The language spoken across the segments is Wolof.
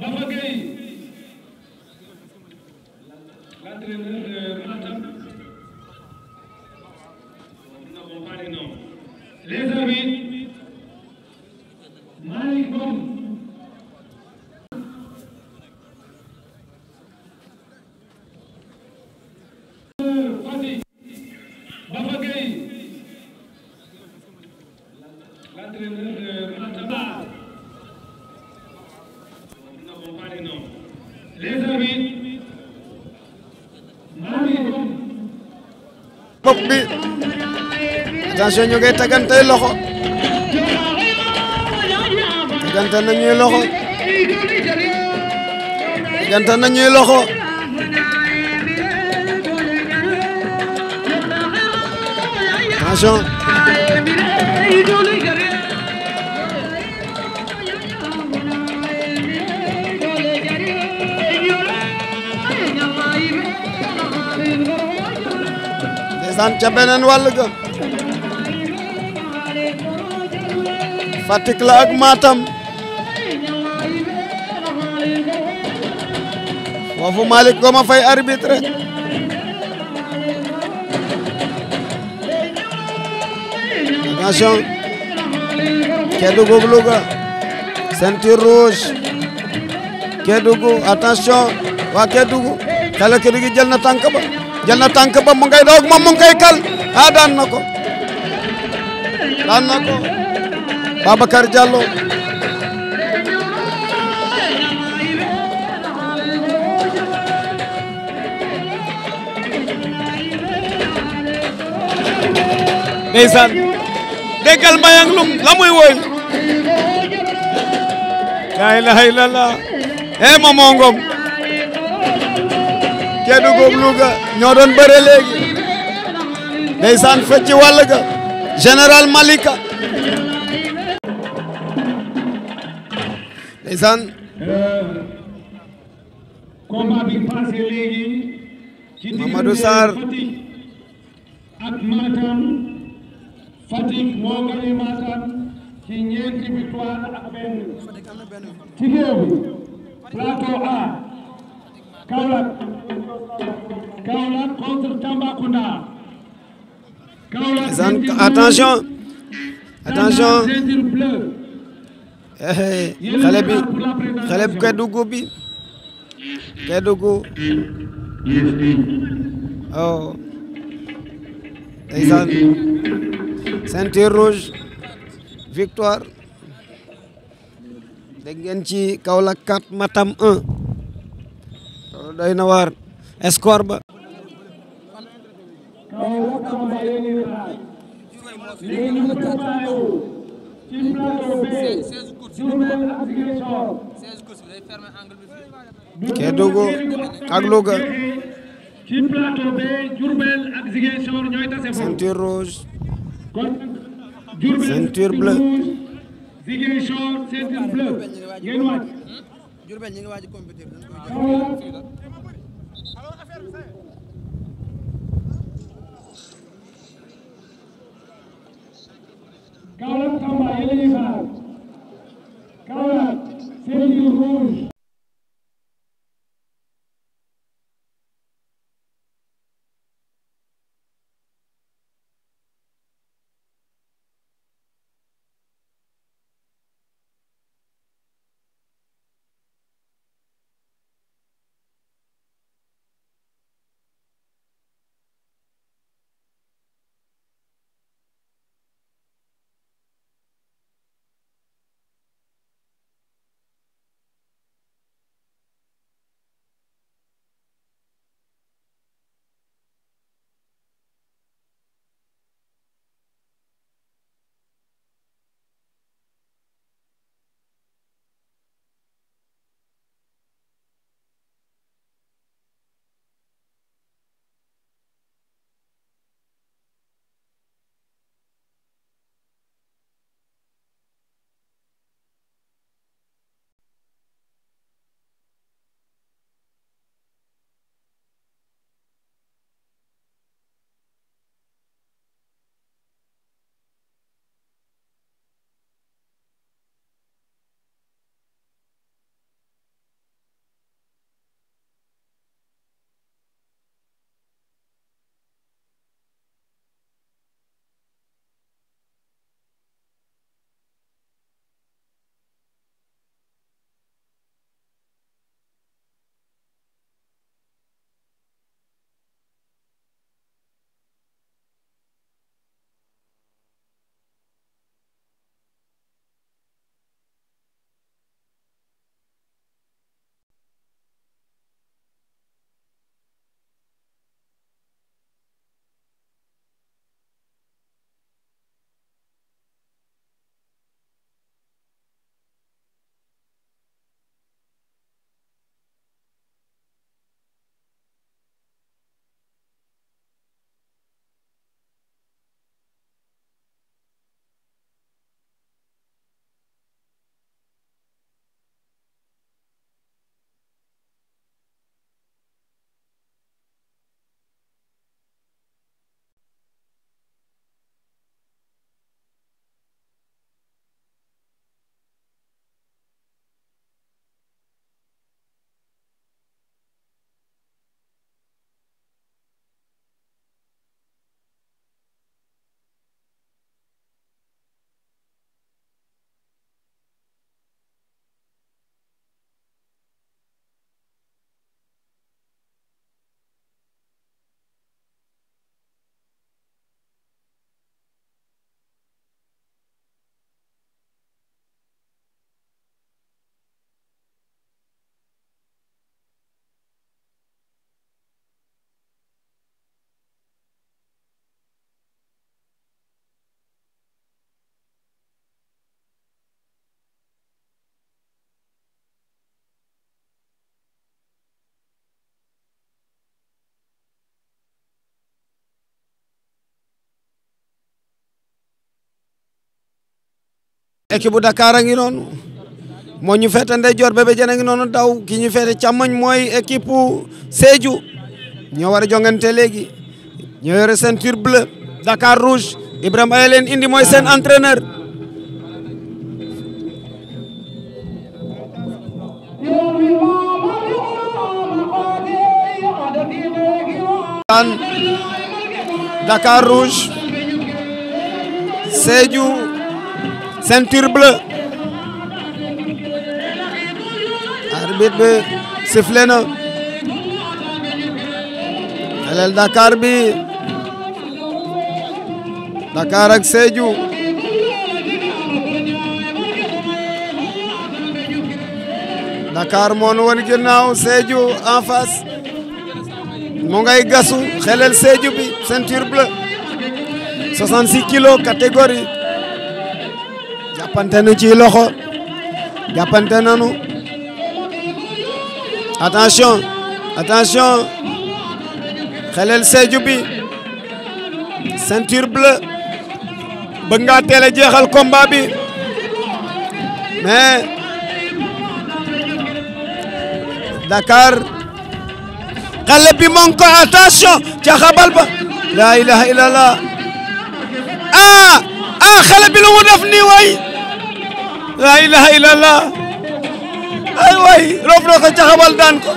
Bamba Gueye l'entraîneur de Matam bopp bi ñu ngay tegantey loxo tegante nañuy loxo tegante nañuy loxo attention ndeysaan ca beneen wàll ga Fatick la ak Matam foofu Malick Goma Faye arbitre attention Kédougou Louga ceinture rouge Kédougou attention waa Kédougou xale Kédougou jël na tànk ba jël na tànk ba mu ngay doog moom mu kal ah daan na ko daan na ko Babacar Diallo ndeysaan déggal mbayang lum la muy woy la ilaha illallah eh, Kédougou góob Louga ñoo doon bëre léegi ndeysaan fecci wàll ga général Malika ndeysaan A attention attention eh, eh, xale bi xale bu Kédougou bi Kédougou oh ndeysaan ceinture victoire dégg ci Kaolack 4 Matam 1 doy na score ba Kaolack Tamba yéen a ngi xaar Kaolack c'est du rouge équipe bu Dakar a ngi noonu moo ñu feete ndeyjoor Bébé Diène a noonu daw ki ñu feete càmmoñ mooy équipe bu Sédhiou war a jongante léegi ñoo yore ceinture bleue Dakar rouge Ibrahima ay leen indi mooy seen entraîneur Dakar rouge Sédhiou ceinture bleue arbitre bi sifflé na xelel Dakar bi Dakar ak Dakar moo nu woon ginnaaw Sédhiou en face ngay gasu xelel Sédhiou bi ceinture bleue 66 kilos jàppante nu ci loxo jàppante nanu attention attention Khelel Sédiou bi ceinture bleue bëgg nga jeexal combat bi mais Dakar xale bi moo ngi ca xabal ba la ilaha illallah ah ah xale bi lu def nii waay laa ilaha ay waay roof na ko caxabal daan ko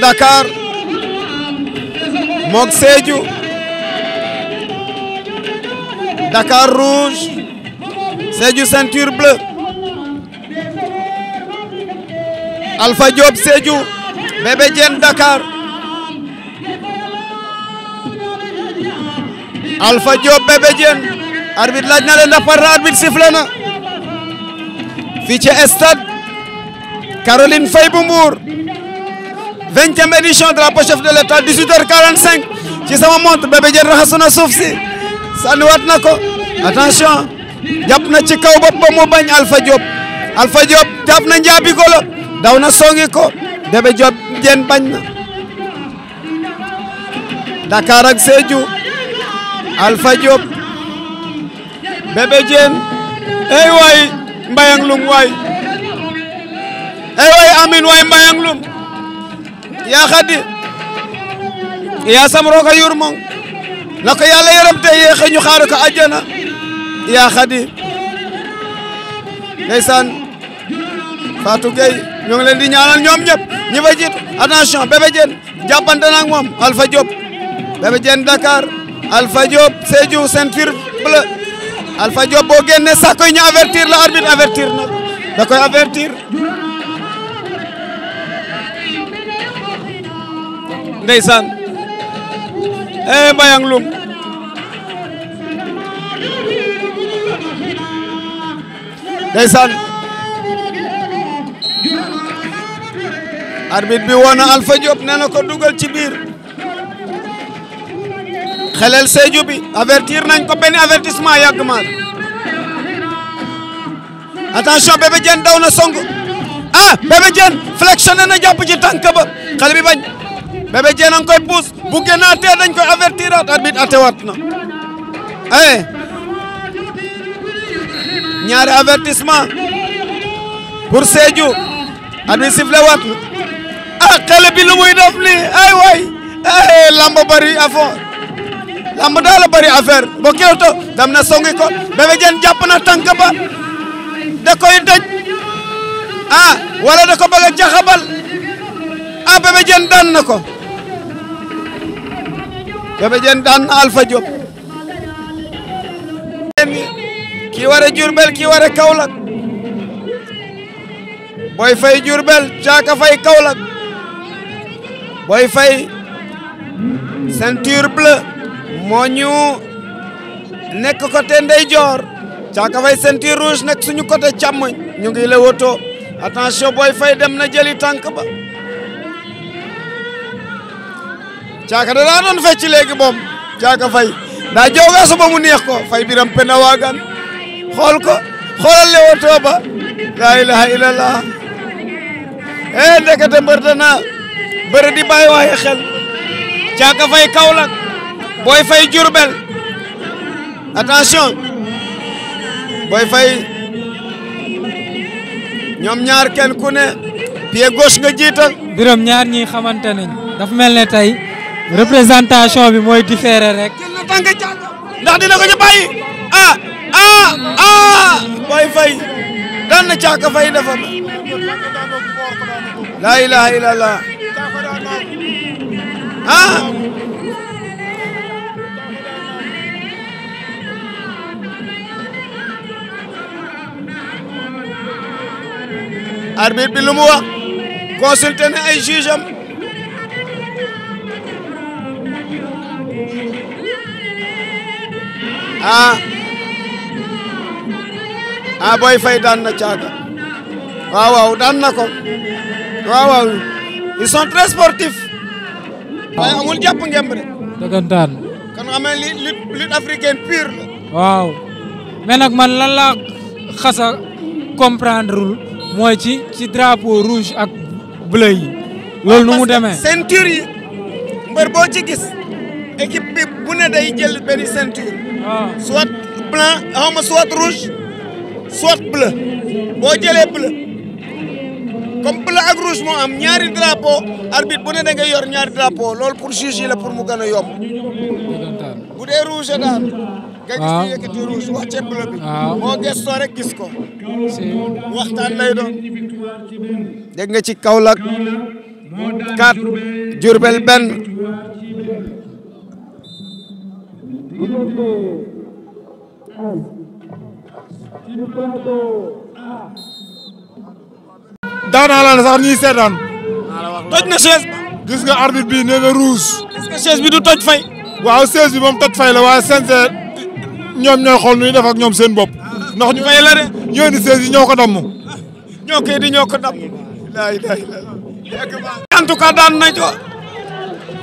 Dakar mook Dakar Rouge Sédhiou ceinture bleue Alpha Diop Sédhiou Bébé Diène Dakar Alpha Diop Bébé Diène arbitre laaj na leen ndax par arbitre sifflé na fii ci stade Caroline Faye bu Mbour vingtième édition de l'État 18 h ci sama montre Bébé Diène raxasu na suuf si ko jàpp na ci kaw bopp ba mu bañ Alpha Diop Alpha Diop jàpp na njaabi golo daw na songi ko Débé Diop jeen bañ na Dakar ak Sédhiou Alpha Diop Bébé Diène ey waay mbayang lum waay ey waay amin waay mbayang lum yaa xadi yaa sam rooga yurmong la ko yàlla yërëm te yéexe ñu xaaru ko àjjana yaa xadi ndeysaan Fatou Gueye ñoo ngi leen di ñaanal ñoom ñëpp ñi fa jiitu attention Bébé Diène moom Alpha Diop Bébé Diène Dakar Alpha Diop Sédhiou ceinture bleue Alpha Diop boo génnee sax koy avertir la arbitre avertir na da avertir ndeysaan eh Mbayang Loum ndeysaan arbitre bi woon na Alpha Diop nee na ko dugal ci biir xelel Sédhiou bi avertir nañ ko benn avertissement yàgg maar attention Bébé Diène daw na song ah Bébé Diène flexionné na jàpp ci tànk ba xale bañ Bébé koy puus bu gënaatee dañ koy avertir at arbitre atewaat na eh ñaari avertissement pour Sédhiou at bi sifle wat ah xale bi lu muy def ay waay eh, lamb bari affaire lamb daal la bari affaire bo dam na songi ko Bébé Diène jàpp na tànk ba da koy daj ah wala da ko bëgg a jaxabal ah, daan na ko Bébé Diène daan na Alpha Diop kii waree Diourbel kii waree Kaolack Boy Faye Diourbel Caaka Faye Kaolack Boy Faye ceinture bleu moo nekk côté ndeyjoor Caaka Faye ceinture rouge nekk suñu côté càmmoñ ñu ngi lewoto attention Boy Faye dem na jëli tànk ba Caaka da daa doon fecc Caaka Faye daa jooga so ba mu neex ko Faye biram pena waagan xool ko xoolal Leewtoo ba laa ilaha illallah eh ndekete mbër dana bëri di bàyyi waaye xel caaka fay Kaolack booy fay Diourbel attention booy fay ñoom ñaar kenn ku ne pied gos nga jiital biram ñaar ñi xamante nañ daf mel ne tey représentation bi mooy différé rek jël na tànk ndax dina ko ci bàyyi ah ah Boy Faye Caaka Faye dafa laa ilaha illallah ah arbitre bi lu mu ay juge am ah! ah Boy Faye daan na Thiaka waaw daan na ko waaw waaw ils sont très sportifs. amul jàpp ngemb de. dëggantaan. kon xam nga lutte lutte africaine la. waaw mais nag man lan laa xasa comprendre lul mooy ci ci drapeau rouge ak bleu yi. loolu nu mu demee ceinture yi mbër boo ci gis équipe bi bu ne day jël benn ceinture. waaw ah. soit blanc xaw ma soit bleu boo jëlee bleu comme bleu ak rouge moo am ñaari drapeau arbitre bu ne da nga yor ñaari drapeau lool pour juger la pour mu gën a yomb bu dee rouge daal nga gis ñu yëkkati rouge wàcce bleu bi ah. boo gestoo rek gis ko waxtaan lay doon dégg nga ci Kaolack quatre Diourbel benn daanaa la ne sax ñuy seetaan. toj na chaise ba. gis nga arbitre bi nee na chaise bi du toj fay. waaw chaise bi moom toj fay la waaye CNG ñoom ñooy xool nu ñuy def ñoom seen bopp. ndax ñu fay la de. ñoo di chaise ñoo ko damm. ñoo koy di ñoo ko damm. laay laay daan nañ ko.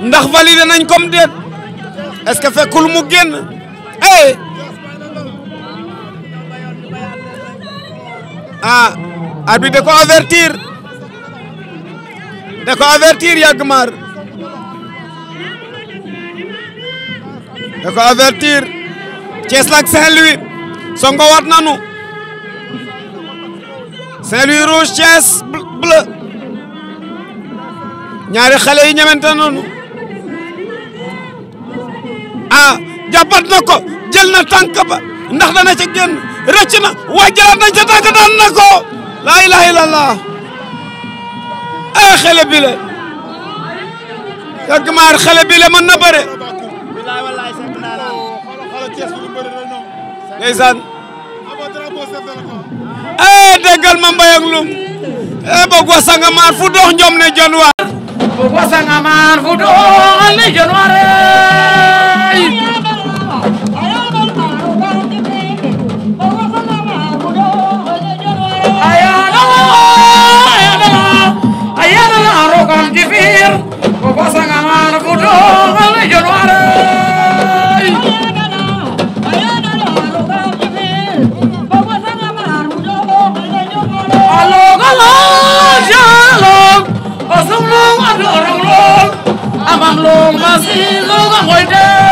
ndax validé nañ comme déet. est-ce que mu génn. eh. ah arbitre da ko avertir da ko avertir yàgg maar ko avertir Thiès lak Saint-Louis songo wat nanu Saint-Louis rouge Thiès bleu ñaari xale yi ñemente nanu ah jàppat na jël na tànk ba ndax dana ci rëcc na waaye jëlaat nañ ca tànk daan na ko laa ilaha illallah ah na bëre ndeysaan eh déggal ma mbay lum eh boog wasanga maar fu dox njom ne januar boog wasanga maar fu dox ne januar lo ma si lo ga hoy de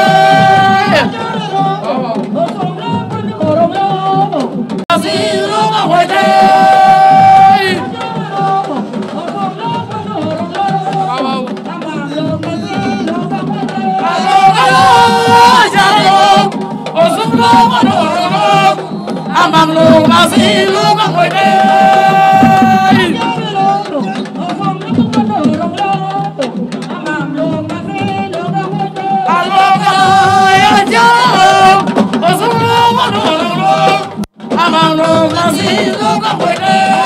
Amano, Brasil, nunca foi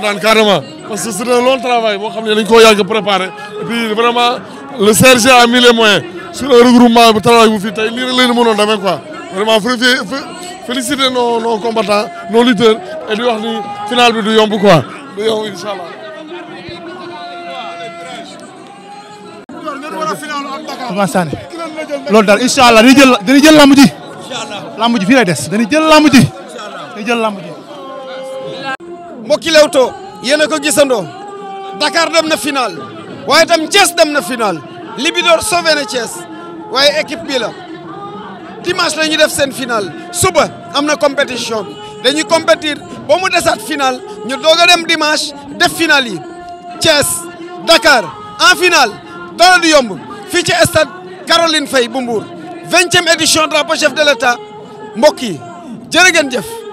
kontaan carrément parce que c'est un long travail boo xam ne dañ koo yàgg préparé et puis vraiment le CRG a mis les moyens sur un regroupement bu travail bu fii tey lii rek la ñu mënoon demee quoi vraiment féliciter nos nos combattants nos et di du yomb quoi du yomb incha allah. Ousmane Sané loolu daal incha allah dañuy jël dañuy jël làmb ji. làmb ji fii lay des dañuy jël la ji dañuy jël làmb ji. mbokki Leewtoo yéen a ko gisandoo Dakar dem na final waaye tam Thiès dem na final Libidor sauvé na waaye équipe bi la dimanche ñu def seen final suba am na compétition bi dañuy compétir ba mu desaat final ñu doog a dem dimanche def final yi Dakar en final dara du yomb fii ci stade fay Faye bu Mbour vingtième édition drapeau chef de l'État mbokk yi jërë ngeen jëf